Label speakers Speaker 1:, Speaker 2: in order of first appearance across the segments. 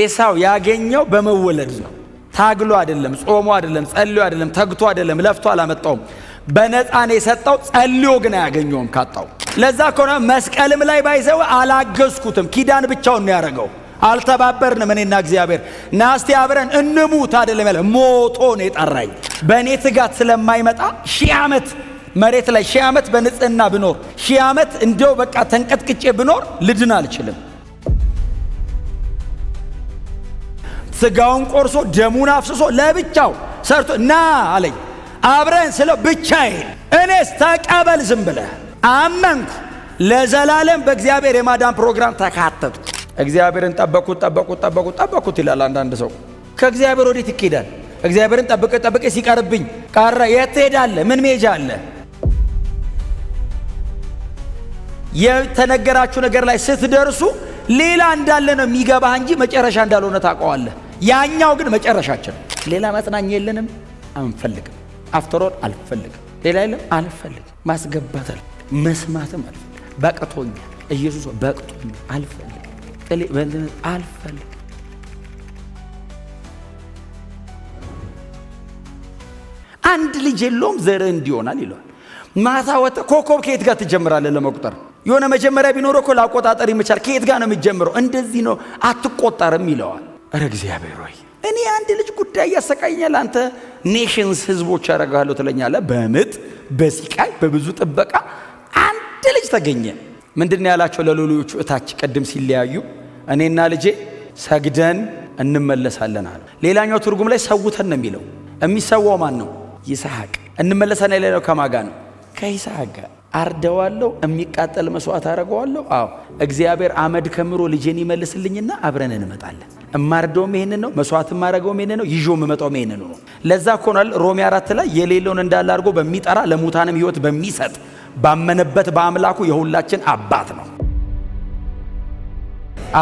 Speaker 1: ኤሳው ያገኘው በመወለድ ነው። ታግሎ አይደለም፣ ጾሞ አይደለም፣ ጸልዮ አይደለም፣ ተግቶ አይደለም፣ ለፍቶ አላመጣውም። በነፃ ነው የሰጠው። ጸልዮ ግን አያገኘውም ካጣው። ለዛ ከሆነ መስቀልም ላይ ባይሰው አላገዝኩትም። ኪዳን ብቻውን ነው ያደረገው። አልተባበርንም። እኔና እግዚአብሔር ናስቲ አብረን እንሙት አይደለም ያለ ሞቶ ነው የጠራኝ። በእኔ ትጋት ስለማይመጣ ሺህ ዓመት መሬት ላይ ሺህ ዓመት በንጽህና ብኖር ሺህ ዓመት እንዲያው በቃ ተንቀጥቅጬ ብኖር ልድን አልችልም። ስጋውን ቆርሶ ደሙን አፍስሶ ለብቻው ሰርቶ ና አለኝ አብረን ስለው ብቻዬን እኔስ ተቀበል ዝም ብለህ አመንኩ። ለዘላለም በእግዚአብሔር የማዳን ፕሮግራም ተካተቱ። እግዚአብሔርን ጠበቁት ጠበቁት ጠበቁት ጠበቁት ይላል አንዳንድ ሰው። ከእግዚአብሔር ወዴት ይኬዳል? እግዚአብሔርን ጠብቄ ጠብቄ ሲቀርብኝ ቀረ። የት ምን ሜጃ አለ? የተነገራችሁ ነገር ላይ ስትደርሱ ሌላ እንዳለ ነው የሚገባህ እንጂ መጨረሻ እንዳልሆነ ታውቀዋለህ። ያኛው ግን መጨረሻችን። ሌላ መጽናኝ የለንም፣ አንፈልግም። አፍተሮን አልፈልግም፣ ሌላ የለም፣ አልፈልግም። ማስገባት አል መስማትም አል በቅቶኛል፣ ኢየሱስ በቅቶኛል፣ አልፈልግም፣ አልፈልግም። አንድ ልጅ የለውም ዘር እንዲሆናል ይለዋል። ማታ ወጥተህ ኮከብ ከየት ጋር ትጀምራለህ ለመቁጠር የሆነ መጀመሪያ ቢኖረው እኮ ላቆጣጠር ይመቻል። ከየት ጋር ነው የሚጀምረው? እንደዚህ ነው አትቆጠርም ይለዋል። እረ እግዚአብሔር ሆይ እኔ አንድ ልጅ ጉዳይ ያሰቃየኛል፣ አንተ ኔሽንስ ህዝቦች ያደርጋለሁ ትለኛለ። በምጥ በስቃይ በብዙ ጥበቃ አንድ ልጅ ተገኘ። ምንድን ነው ያላቸው ለሎሌዎቹ እታች ቀድም ሲለያዩ እኔና ልጄ ሰግደን እንመለሳለን አለ። ሌላኛው ትርጉም ላይ ሰውተን ነው የሚለው። የሚሰዋው ማን ነው? ይስሐቅ። እንመለሳለን የሌለው ከማጋ ነው? ከይስሐቅ ጋር አርደዋለሁ፣ የሚቃጠል መስዋዕት አደረገዋለሁ። አዎ እግዚአብሔር አመድ ከምሮ ልጄን ይመልስልኝና አብረን እንመጣለን። እማርደውም ይህን ነው፣ መስዋዕት የማረገውም ይህን ነው፣ ይዞ የምመጣውም ይህን ነው። ለዛ ኮኗል ሮሜ አራት ላይ የሌለውን እንዳለ አድርጎ በሚጠራ ለሙታንም ህይወት በሚሰጥ ባመነበት በአምላኩ የሁላችን አባት ነው።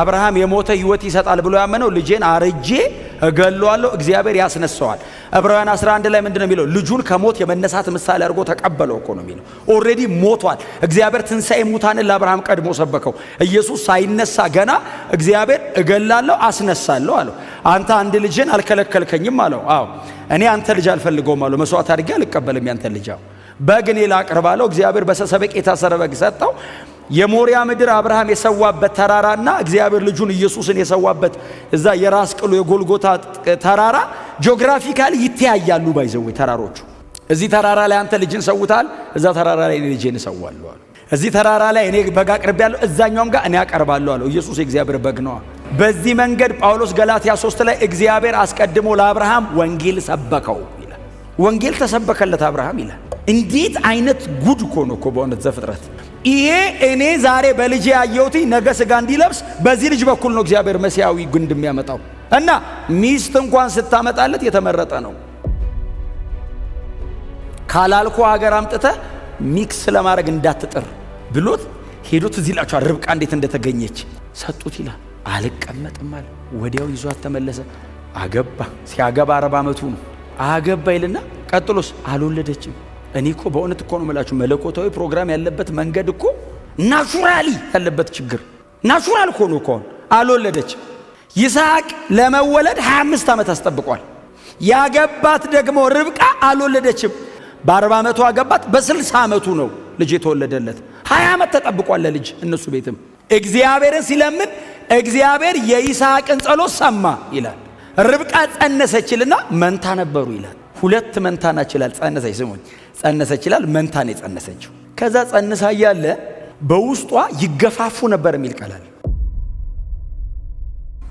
Speaker 1: አብርሃም የሞተ ህይወት ይሰጣል ብሎ ያመነው ልጄን አርጄ እገለዋለሁ፣ እግዚአብሔር ያስነሳዋል። ዕብራውያን 11 ላይ ምንድን ነው የሚለው? ልጁን ከሞት የመነሳት ምሳሌ አድርጎ ተቀበለው እኮ ነው የሚለው። ኦልሬዲ ሞቷል። እግዚአብሔር ትንሣኤ ሙታንን ለአብርሃም ቀድሞ ሰበከው። ኢየሱስ ሳይነሳ ገና እግዚአብሔር እገላለሁ፣ አስነሳለሁ አለው። አንተ አንድ ልጅን አልከለከልከኝም አለው። አዎ እኔ አንተ ልጅ አልፈልገውም አለው። መስዋዕት አድርጌ አልቀበልም ያንተ ልጅ። በግ እኔ ላቅርብ አለው። እግዚአብሔር በሰሰበቅ በቅ የታሰረ በግ ሰጠው። የሞሪያ ምድር አብርሃም የሰዋበት ተራራና እግዚአብሔር ልጁን ኢየሱስን የሰዋበት እዛ የራስ ቅሉ የጎልጎታ ተራራ ጂኦግራፊካሊ ይተያያሉ። ባይዘው ተራሮቹ እዚህ ተራራ ላይ አንተ ልጅን ሰውታል፣ እዛ ተራራ ላይ ልጅን ልጄን እሰዋለሁ አሉ። እዚህ ተራራ ላይ እኔ በግ አቅርቤያለሁ፣ እዛኛውም ጋር እኔ አቀርባለሁ አለው። ኢየሱስ የእግዚአብሔር በግ ነዋ። በዚህ መንገድ ጳውሎስ ገላትያ 3 ላይ እግዚአብሔር አስቀድሞ ለአብርሃም ወንጌል ሰበከው ይላል። ወንጌል ተሰበከለት አብርሃም ይላል። እንዴት አይነት ጉድ ኮኖ እኮ በእውነት ዘፍጥረት ይሄ እኔ ዛሬ በልጅ ያየሁት ነገ ስጋ እንዲለብስ በዚህ ልጅ በኩል ነው እግዚአብሔር መሲያዊ ግንድ የሚያመጣው እና ሚስት እንኳን ስታመጣለት የተመረጠ ነው። ካላልኮ ሀገር አምጥተ ሚክስ ለማድረግ እንዳትጥር ብሎት ሄዶት እዚህ ይላቸዋል። ርብቃ እንዴት እንደተገኘች ሰጡት ይላል። አልቀመጥም አለ። ወዲያው ይዟት ተመለሰ። አገባ። ሲያገባ አረብ ዓመቱ ነው። አገባ ይልና ቀጥሎስ አልወለደችም። እኔ እኮ በእውነት እኮ ነው የምላችሁ መለኮታዊ ፕሮግራም ያለበት መንገድ እኮ ናቹራሊ ያለበት ችግር ናቹራል ሆኖ ከሆን አልወለደች። ይስሐቅ ለመወለድ 25 ዓመት አስጠብቋል። ያገባት ደግሞ ርብቃ አልወለደችም። በ በ40 ዓመቱ አገባት። በ በ60 ዓመቱ ነው ልጅ የተወለደለት። 20 ዓመት ተጠብቋል ለልጅ እነሱ ቤትም እግዚአብሔርን ሲለምን እግዚአብሔር የይስሐቅን ጸሎት ሰማ ይላል። ርብቃ ጸነሰችልና መንታ ነበሩ ይላል። ሁለት መንታ ናችላል ጸነሰች ስሙኝ ጸነሰች ይላል። መንታን የጸነሰችው ከዛ ጸንሳ እያለ በውስጧ ይገፋፉ ነበር የሚል ቃላል።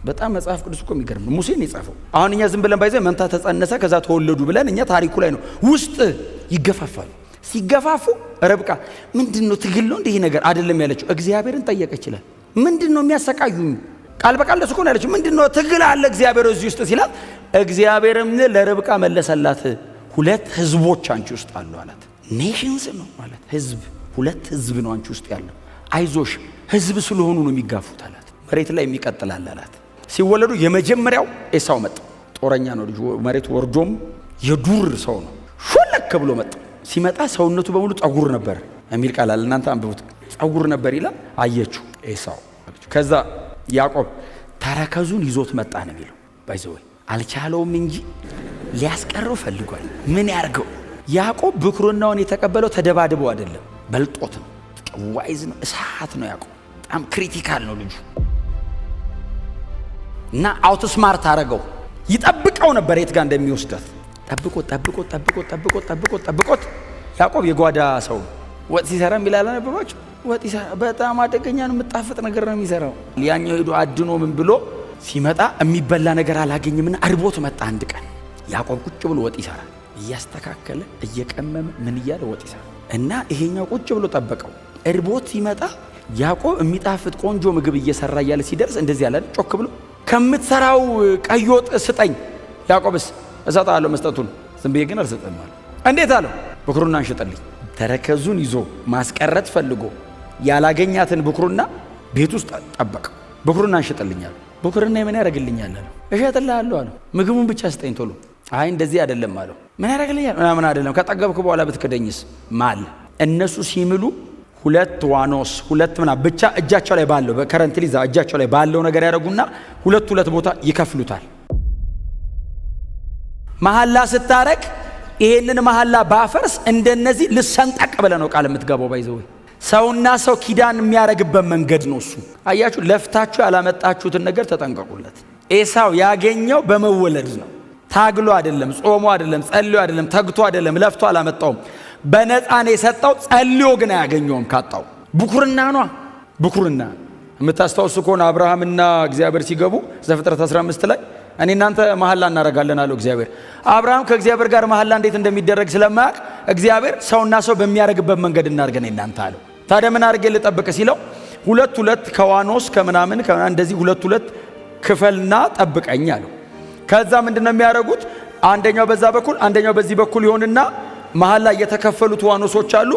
Speaker 1: በጣም መጽሐፍ ቅዱስ እኮ የሚገርም ነው። ሙሴን የጻፈው አሁን እኛ ዝም ብለን ባይዘ መንታ ተጸነሰ ከዛ ተወለዱ ብለን እኛ ታሪኩ ላይ ነው። ውስጥ ይገፋፋሉ። ሲገፋፉ ረብቃ ምንድን ነው ትግል ነው እንዲህ ነገር አይደለም ያለችው፣ እግዚአብሔርን ጠየቀ ይችላል። ምንድን ነው የሚያሰቃዩኝ? ቃል በቃል ለሱ እኮ ነው ያለችው። ምንድን ነው ትግል አለ እግዚአብሔር እዚህ ውስጥ ሲላት፣ እግዚአብሔርም ለርብቃ መለሰላት። ሁለት ህዝቦች አንቺ ውስጥ አሉ አላት። ኔሽንስ ነው ማለት ህዝብ፣ ሁለት ህዝብ ነው አንቺ ውስጥ ያለው። አይዞሽ ህዝብ ስለሆኑ ነው የሚጋፉት አላት። መሬት ላይ የሚቀጥላል አላት። ሲወለዱ የመጀመሪያው ኤሳው መጣ። ጦረኛ ነው ልጁ። መሬት ወርዶም የዱር ሰው ነው። ሾለክ ብሎ መጣ። ሲመጣ ሰውነቱ በሙሉ ጸጉር ነበር የሚል ቃል አለ። እናንተ አንብቡት። ጸጉር ነበር ይላል። አየችው ኤሳው። ከዛ ያዕቆብ ተረከዙን ይዞት መጣ ነው የሚለው። ባይዘወይ አልቻለውም እንጂ ሊያስቀረው ፈልጓል። ምን ያርገው? ያዕቆብ ብኩርናውን የተቀበለው ተደባድቦ አይደለም፣ በልጦት ነው። ዋይዝ ነው፣ እሳት ነው። ያዕቆብ በጣም ክሪቲካል ነው ልጁ እና ስማርት አረገው። ይጠብቀው ነበር የት ጋር እንደሚወስደት ጠብቆት ጠብቆት ጠብቆት ጠብቆት ጠብቆት ጠብቆት። ያዕቆብ የጓዳ ሰው ወጥ ሲሰራ የሚላለ አነበባቸው። ወጥ በጣም አደገኛ ነው፣ የምጣፍጥ ነገር ነው የሚሰራው። ያኛው ሄዶ አድኖ ምን ብሎ ሲመጣ የሚበላ ነገር አላገኝምና አርቦት መጣ አንድ ቀን ያዕቆብ ቁጭ ብሎ ወጥ ይሰራል። እያስተካከለ እየቀመመ ምን እያለ ወጥ ይሰራል እና ይሄኛው ቁጭ ብሎ ጠበቀው። እርቦት ሲመጣ ያዕቆብ የሚጣፍጥ ቆንጆ ምግብ እየሰራ እያለ ሲደርስ እንደዚህ ያለ ጮክ ብሎ ከምትሰራው ቀይ ወጥ ስጠኝ። ያዕቆብስ እሰጥሃለሁ መስጠቱን ዝም ብዬ ግን አልሰጥም አለ። እንዴት አለው? ብኩርና እንሸጠልኝ። ተረከዙን ይዞ ማስቀረት ፈልጎ ያላገኛትን ብኩርና ቤት ውስጥ ጠበቀ። ብኩሩና እንሸጠልኛል። ብኩርና የምን ያደርግልኛል? እሸጥልሃለሁ አለ። ምግቡን ብቻ ስጠኝ ቶሎ አይ እንደዚህ አይደለም አለው። ምን ያደረግልኛል? ምናምን አይደለም ከጠገብክ በኋላ ብትክደኝስ ማል እነሱ ሲምሉ ሁለት ዋኖስ ሁለት ምና ብቻ እጃቸው ላይ ባለው ሊዛ እጃቸው ላይ ባለው ነገር ያደርጉና ሁለት ሁለት ቦታ ይከፍሉታል። መሐላ ስታረቅ ይሄንን መሐላ ባፈርስ እንደነዚህ ልሰንጠቅ ብለ ነው ቃል የምትገባው። ባይዘው ሰውና ሰው ኪዳን የሚያረግበት መንገድ ነው እሱ። አያችሁ፣ ለፍታችሁ ያላመጣችሁትን ነገር ተጠንቀቁለት። ኤሳው ያገኘው በመወለድ ነው። ታግሎ አይደለም፣ ጾሞ አይደለም፣ ጸልዮ አይደለም፣ ተግቶ አይደለም፣ ለፍቶ አላመጣውም። በነፃ ነው የሰጠው። ጸልዮ ግን አያገኘውም ካጣው። ብኩርና ኗ ብኩርና የምታስታውሱ ከሆነ አብርሃምና እግዚአብሔር ሲገቡ ዘፍጥረት 15 ላይ እኔ እናንተ መሐላ እናደርጋለን አለው እግዚአብሔር። አብርሃም ከእግዚአብሔር ጋር መሐላ እንዴት እንደሚደረግ ስለማያውቅ እግዚአብሔር ሰውና ሰው በሚያደርግበት መንገድ እናርገን እናንተ አለው። ታዲያ ምን አድርጌ ልጠብቅ ሲለው ሁለት ሁለት ከዋኖስ ከምናምን እንደዚህ ሁለት ሁለት ክፈልና ጠብቀኝ አለው። ከዛ ምንድነው የሚያደርጉት? አንደኛው በዛ በኩል አንደኛው በዚህ በኩል ይሆንና መሀል ላይ የተከፈሉት ዋኖሶች አሉ።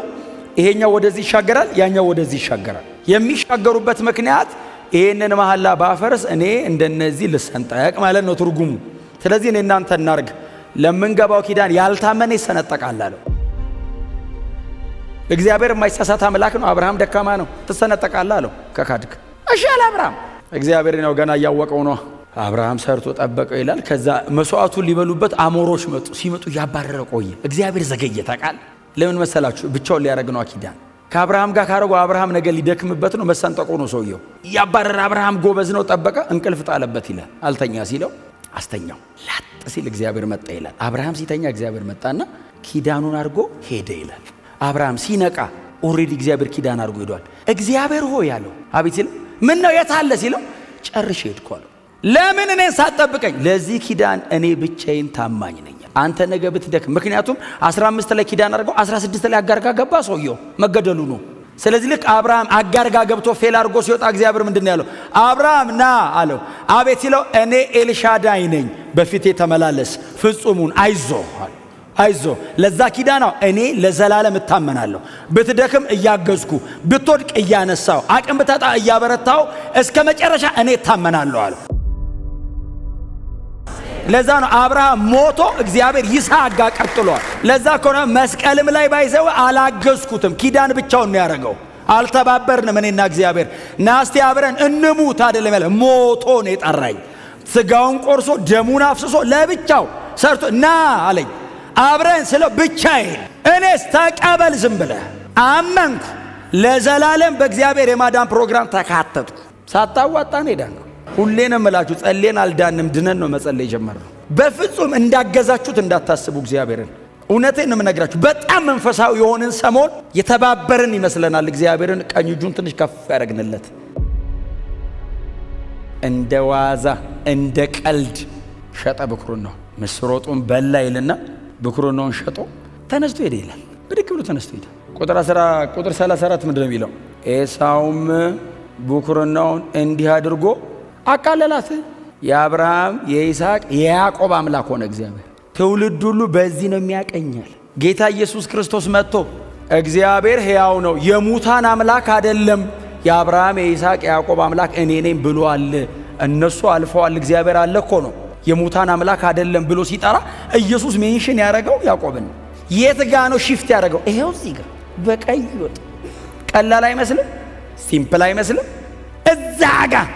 Speaker 1: ይሄኛው ወደዚህ ይሻገራል፣ ያኛው ወደዚህ ይሻገራል። የሚሻገሩበት ምክንያት ይሄንን መሐላ ባፈርስ እኔ እንደነዚህ ልሰንጠቅ ማለት ነው ትርጉሙ። ስለዚህ እኔ እናንተ እናርግ ለምንገባው ኪዳን ያልታመነ ይሰነጠቃል አለው። እግዚአብሔር የማይሳሳት አምላክ ነው። አብርሃም ደካማ ነው፣ ትሰነጠቃል አለው ከካድክ። እሺ አለ አብርሃም። እግዚአብሔር ነው ገና እያወቀው ነው። አብርሃም ሰርቶ ጠበቀው ይላል። ከዛ መስዋዕቱን ሊበሉበት አሞሮች መጡ። ሲመጡ እያባረረ ቆየ። እግዚአብሔር ዘገየ። ታውቃል ለምን መሰላችሁ? ብቻውን ሊያደረግ ነው አኪዳን ከአብርሃም ጋር ካረጉ አብርሃም ነገር ሊደክምበት ነው፣ መሰንጠቆ ነው ሰውየው። እያባረረ አብርሃም ጎበዝ ነው፣ ጠበቀ። እንቅልፍ ጣለበት ይላል። አልተኛ ሲለው አስተኛው። ላጥ ሲል እግዚአብሔር መጣ ይላል። አብርሃም ሲተኛ እግዚአብሔር መጣና ኪዳኑን አድርጎ ሄደ ይላል። አብርሃም ሲነቃ ኦሬዲ እግዚአብሔር ኪዳን አድርጎ ሄዷል። እግዚአብሔር ሆይ ያለው አቤት ሲለው ምን ነው የት አለ ሲለው ጨርሼ ሄድኩ አለው። ለምን እኔን ሳጠብቀኝ ለዚህ ኪዳን እኔ ብቻዬን ታማኝ ነኝ። አንተ ነገ ብትደክም፣ ምክንያቱም 15 ላይ ኪዳን አድርገው 16 ላይ አጋርጋ ገባ፣ ሰውየው መገደሉ ነው። ስለዚህ ልክ አብርሃም አጋርጋ ገብቶ ፌል አድርጎ ሲወጣ እግዚአብሔር ምንድን ያለው? አብርሃም ና አለው። አቤት ሲለው እኔ ኤልሻዳይ ነኝ፣ በፊቴ ተመላለስ፣ ፍጹሙን አይዞ አይዞ ለዛ ኪዳና እኔ ለዘላለም እታመናለሁ። ብትደክም እያገዝኩ፣ ብትወድቅ እያነሳው፣ አቅም ብታጣ እያበረታው፣ እስከ መጨረሻ እኔ እታመናለሁ አለው። ለዛ ነው አብርሃም ሞቶ እግዚአብሔር ይስሐቅ ጋር ቀጥሏል። ለዛ ከሆነ መስቀልም ላይ ባይዘው አላገዝኩትም። ኪዳን ብቻውን ነው ያደረገው። አልተባበርንም። እኔና እግዚአብሔር ናስቲ አብረን እንሙት አደለም ያለ ሞቶ ነው የጠራኝ። ስጋውን ቆርሶ ደሙን አፍስሶ ለብቻው ሰርቶ ና አለኝ። አብረን ስለው ብቻዬን እኔስ ተቀበል ዝም ብለ አመንኩ። ለዘላለም በእግዚአብሔር የማዳን ፕሮግራም ተካተትኩ። ሳታዋጣን ሄዳ ነው ሁሌ ነው የምላችሁ፣ ጸሌን አልዳንም ድነን ነው መጸለይ የጀመርነው። በፍጹም እንዳገዛችሁት እንዳታስቡ እግዚአብሔርን እውነቴን የምነግራችሁ በጣም መንፈሳዊ የሆንን ሰሞን የተባበርን ይመስለናል። እግዚአብሔርን ቀኝ እጁን ትንሽ ከፍ ያደረግንለት እንደ ዋዛ እንደ ቀልድ ሸጠ ብኩሩን ነው ምስር ወጡን በላ ይልና ብኩርን ነውን ሸጦ ተነስቶ ሄደ ይላል። ብድግ ብሎ ተነስቶ ሄደ። ቁጥር 34 ምንድን ነው የሚለው? ኤሳውም ብኩርናውን እንዲህ አድርጎ አቃለላት። የአብርሃም የይስሐቅ የያዕቆብ አምላክ ሆነ እግዚአብሔር። ትውልድ ሁሉ በዚህ ነው የሚያቀኛል። ጌታ ኢየሱስ ክርስቶስ መጥቶ እግዚአብሔር ሕያው ነው፣ የሙታን አምላክ አደለም፣ የአብርሃም የይስሐቅ የያዕቆብ አምላክ እኔ ነኝ ብሎአል። እነሱ አልፈዋል፣ እግዚአብሔር አለ እኮ ነው የሙታን አምላክ አደለም ብሎ ሲጠራ ኢየሱስ ሜንሽን ያደረገው ያዕቆብን የት ጋ ነው ሽፍት ያደረገው? ይሄው እዚህ ጋር በቀይ ወጥ ቀላል አይመስልም፣ ሲምፕል አይመስልም። እዛ ጋር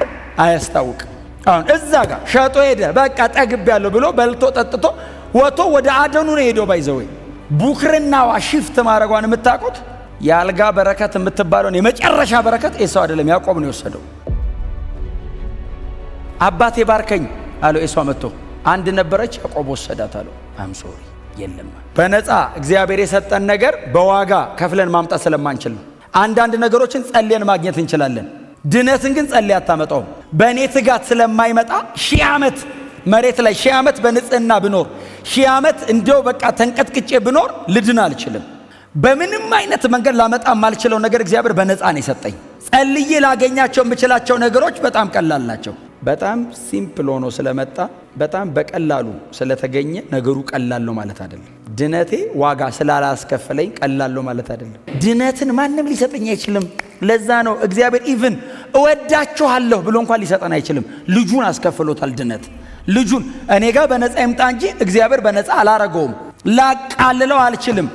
Speaker 1: አያስታውቅም። አሁን እዛ ጋር ሸጦ ሄደ፣ በቃ ጠግብ ያለው ብሎ በልቶ ጠጥቶ ወጥቶ ወደ አደኑ ነው ሄደው ባይዘወይ ቡክርናዋ ሽፍት ማድረጓን የምታውቁት የአልጋ በረከት የምትባለውን የመጨረሻ በረከት ኤሳው አይደለም ያዕቆብ ነው የወሰደው። አባቴ ባርከኝ አለው ኤሳው መጥቶ አንድ ነበረች ያዕቆብ ወሰዳት አለው። ሶሪ የለም በነፃ እግዚአብሔር የሰጠን ነገር በዋጋ ከፍለን ማምጣት ስለማንችል ነው። አንዳንድ ነገሮችን ጸልየን ማግኘት እንችላለን። ድነትን ግን ጸልይ አታመጣውም። በእኔ ትጋት ስለማይመጣ ሺህ ዓመት መሬት ላይ ሺህ ዓመት በንጽህና ብኖር ሺህ ዓመት እንዲው በቃ ተንቀጥቅጬ ብኖር ልድን አልችልም። በምንም አይነት መንገድ ላመጣ የማልችለው ነገር እግዚአብሔር በነፃ ነው የሰጠኝ። ጸልዬ ላገኛቸው የምችላቸው ነገሮች በጣም ቀላል ናቸው። በጣም ሲምፕል ሆኖ ስለመጣ በጣም በቀላሉ ስለተገኘ ነገሩ ቀላል ነው ማለት አይደለም። ድነቴ ዋጋ ስላላስከፈለኝ ቀላል ነው ማለት አይደለም። ድነትን ማንም ሊሰጠኝ አይችልም። ለዛ ነው እግዚአብሔር ኢቭን እወዳችኋለሁ ብሎ እንኳን ሊሰጠን አይችልም። ልጁን አስከፍሎታል ድነት። ልጁን እኔ ጋር በነፃ ይምጣ እንጂ እግዚአብሔር በነፃ አላረገውም። ላቃልለው አልችልም።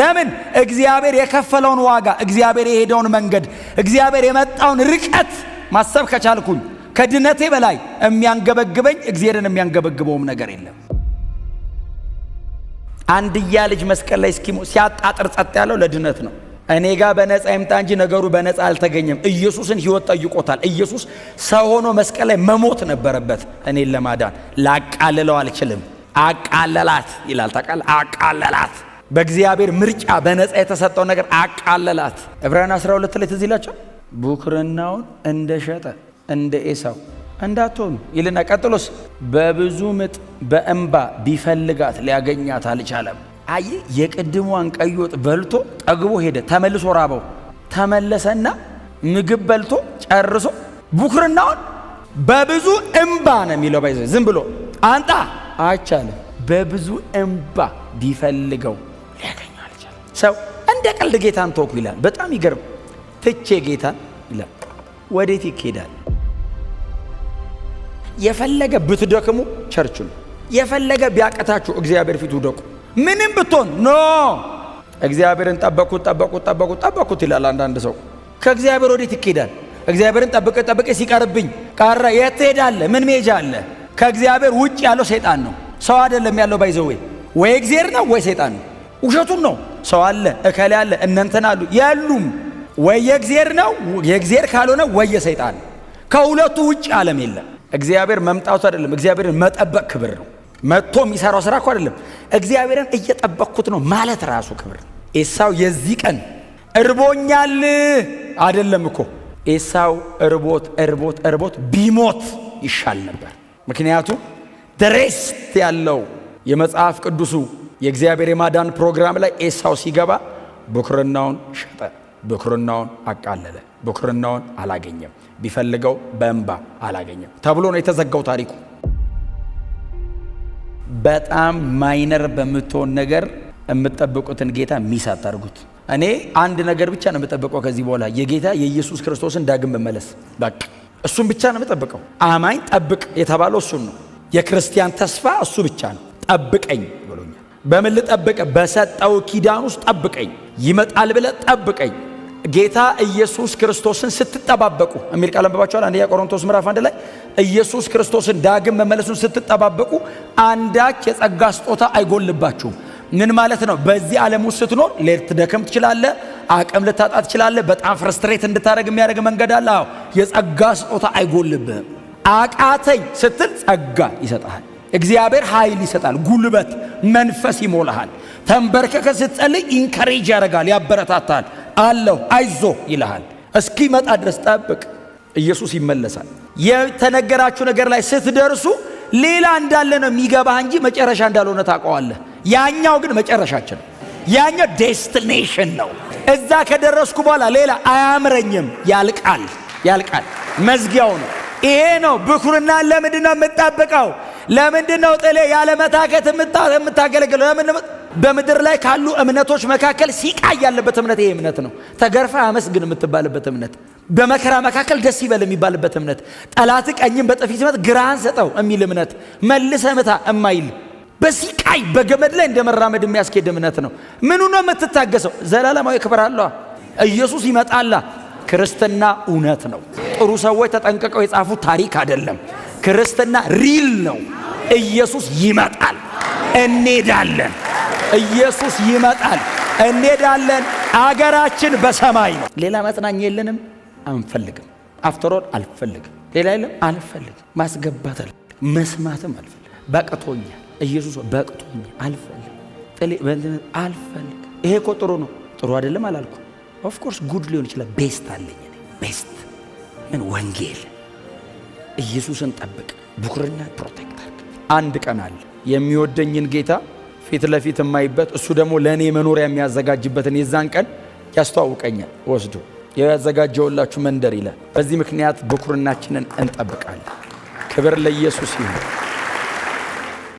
Speaker 1: ለምን? እግዚአብሔር የከፈለውን ዋጋ፣ እግዚአብሔር የሄደውን መንገድ፣ እግዚአብሔር የመጣውን ርቀት ማሰብ ከቻልኩኝ ከድነቴ በላይ የሚያንገበግበኝ እግዚአብሔርን የሚያንገበግበውም ነገር የለም። አንድያ ልጅ መስቀል ላይ ሲያጣጥር ጸጥ ያለው ለድነት ነው። እኔ ጋር በነፃ ይምጣ እንጂ ነገሩ በነፃ አልተገኘም። ኢየሱስን ሕይወት ጠይቆታል። ኢየሱስ ሰው ሆኖ መስቀል ላይ መሞት ነበረበት እኔን ለማዳን። ላቃልለው አልችልም። አቃለላት ይላል። ታቃል አቃለላት በእግዚአብሔር ምርጫ በነፃ የተሰጠው ነገር አቃለላት። ዕብራውያን 12 ላይ ትዝ ይላቸው ብኩርናውን እንደሸጠ እንደ ኤሳው እንዳትሆኑ ይልና ቀጥሎስ በብዙ ምጥ በእንባ ቢፈልጋት ሊያገኛት አልቻለም። አይ የቅድሟን ቀይ ወጥ በልቶ ጠግቦ ሄደ። ተመልሶ ራበው። ተመለሰና ምግብ በልቶ ጨርሶ ቡክርናውን በብዙ እምባ ነው የሚለው ባይዘ ዝም ብሎ አንጣ አይቻልም። በብዙ እምባ ቢፈልገው ሊያገኘው አልቻለም። ሰው እንደ ቀልድ ጌታን ተወኩ ይላል። በጣም ይገርም። ትቼ ጌታን ይላል። ወዴት ይሄዳል? የፈለገ ብትደክሙ ቸርች ነው። የፈለገ ቢያቀታችሁ እግዚአብሔር ፊት ውደቁ። ምንም ብትሆን ኖ እግዚአብሔርን ጠበቁት ጠበቁት ጠበቁት ጠበቁት ይላል። አንዳንድ ሰው ከእግዚአብሔር ወዴት ይኬዳል? እግዚአብሔርን ጠብቀ ጠብቀ ሲቀርብኝ ቀረ። የት ትሄዳለ ምን ሜጃ አለ? ከእግዚአብሔር ውጭ ያለው ሰይጣን ነው፣ ሰው አይደለም ያለው። ባይዘዌ ወይ እግዚአብሔር ነው ወይ ሰይጣን ነው። ውሸቱን ነው። ሰው አለ፣ እከሌ አለ፣ እነንተን አሉ፣ የሉም። ወይ የእግዚአብሔር ነው፣ የእግዚአብሔር ካልሆነ ወይ የሰይጣን። ከሁለቱ ውጭ ዓለም የለም። እግዚአብሔር መምጣቱ አይደለም፣ እግዚአብሔርን መጠበቅ ክብር ነው። መጥቶ የሚሰራው ስራ እኮ አይደለም። እግዚአብሔርን እየጠበቅኩት ነው ማለት ራሱ ክብር። ኤሳው የዚህ ቀን እርቦኛል አይደለም እኮ ኤሳው እርቦት እርቦት እርቦት ቢሞት ይሻል ነበር። ምክንያቱም ደሬስት ያለው የመጽሐፍ ቅዱሱ የእግዚአብሔር የማዳን ፕሮግራም ላይ ኤሳው ሲገባ ብኩርናውን ሸጠ፣ ብኩርናውን አቃለለ፣ ብኩርናውን አላገኘም፣ ቢፈልገው በእንባ አላገኘም ተብሎ ነው የተዘጋው ታሪኩ። በጣም ማይነር በምትሆን ነገር የምጠብቁትን ጌታ ሚስ አታርጉት። እኔ አንድ ነገር ብቻ ነው የምጠብቀው ከዚህ በኋላ የጌታ የኢየሱስ ክርስቶስን ዳግም መመለስ። በቃ እሱን ብቻ ነው የምጠብቀው። አማኝ ጠብቅ የተባለው እሱን ነው። የክርስቲያን ተስፋ እሱ ብቻ ነው። ጠብቀኝ ብሎኛል። በምን ልጠብቅ? በሰጠው ኪዳን ውስጥ ጠብቀኝ፣ ይመጣል ብለ ጠብቀኝ። ጌታ ኢየሱስ ክርስቶስን ስትጠባበቁ የሚል ቃል አንብባችኋል። አንደኛ ቆሮንቶስ ምዕራፍ አንድ ላይ ኢየሱስ ክርስቶስን ዳግም መመለሱን ስትጠባበቁ አንዳች የጸጋ ስጦታ አይጎልባችሁም። ምን ማለት ነው? በዚህ ዓለም ውስጥ ስትኖር ልትደክም ትችላለ፣ አቅም ልታጣ ትችላለ በጣም ፍርስትሬት እንድታደረግ የሚያደርግ መንገድ አለ። አዎ የጸጋ ስጦታ አይጎልብህም። አቃተኝ ስትል ጸጋ ይሰጣል። እግዚአብሔር ኃይል ይሰጣል፣ ጉልበት፣ መንፈስ ይሞልሃል። ተንበርከከ ስትጸልይ ኢንከሬጅ ያደርጋል፣ ያበረታታል። አለሁ አይዞ ይልሃል። እስኪመጣ ድረስ ጠብቅ። ኢየሱስ ይመለሳል። የተነገራችሁ ነገር ላይ ስትደርሱ ሌላ እንዳለ ነው የሚገባህ እንጂ መጨረሻ እንዳልሆነ ታውቀዋለህ። ያኛው ግን መጨረሻችን ነው። ያኛው ዴስቲኔሽን ነው። እዛ ከደረስኩ በኋላ ሌላ አያምረኝም። ያልቃል፣ ያልቃል። መዝጊያው ነው። ይሄ ነው ብኩርና ለምንድን ነው የምጣብቀው? ለምንድን ነው ጥሌ መታከት የምታገለግለው? ለምን በምድር ላይ ካሉ እምነቶች መካከል ሲቃይ ያለበት እምነት ይሄ እምነት ነው። ተገርፈ አመስግን የምትባልበት እምነት በመከራ መካከል ደስ ይበል የሚባልበት እምነት፣ ጠላት ቀኝም በጥፊ ሲመት ግራህን ሰጠው የሚል እምነት፣ መልሰ ምታ እማይል በሲቃይ በገመድ ላይ እንደ መራመድ የሚያስኬድ እምነት ነው። ምኑ ነው የምትታገሰው? ዘላለማዊ ክብር አለዋ። ኢየሱስ ይመጣላ። ክርስትና እውነት ነው። ጥሩ ሰዎች ተጠንቅቀው የጻፉት ታሪክ አይደለም። ክርስትና ሪል ነው። ኢየሱስ ይመጣል፣ እንሄዳለን። ኢየሱስ ይመጣል፣ እንሄዳለን። አገራችን በሰማይ ነው። ሌላ መጽናኛ የለንም። አንፈልግም። አፍተሮል አልፈልግም፣ ሌላ የለም አልፈልግም፣ ማስገባት አልፈልግም፣ መስማትም አልፈልግም፣ በቅቶኛል። ኢየሱስ በቅቶኛል፣ አልፈልግም፣ አልፈልግም። ይሄ እኮ ጥሩ ነው፣ ጥሩ አይደለም አላልኩ። ኦፍኮርስ ጉድ ሊሆን ይችላል። ቤስት አለኝ፣ ቤስት ምን ወንጌል ኢየሱስን ጠብቅ፣ ቡክርና ፕሮቴክት አንድ ቀን አለ የሚወደኝን ጌታ ፊት ለፊት የማይበት እሱ ደግሞ ለእኔ መኖሪያ የሚያዘጋጅበትን የዛን ቀን ያስተዋውቀኛል ወስዶ ያዘጋጀውላችሁ መንደር ይላል። በዚህ ምክንያት ብኩርናችንን እንጠብቃለን። ክብር ለኢየሱስ ይሁን።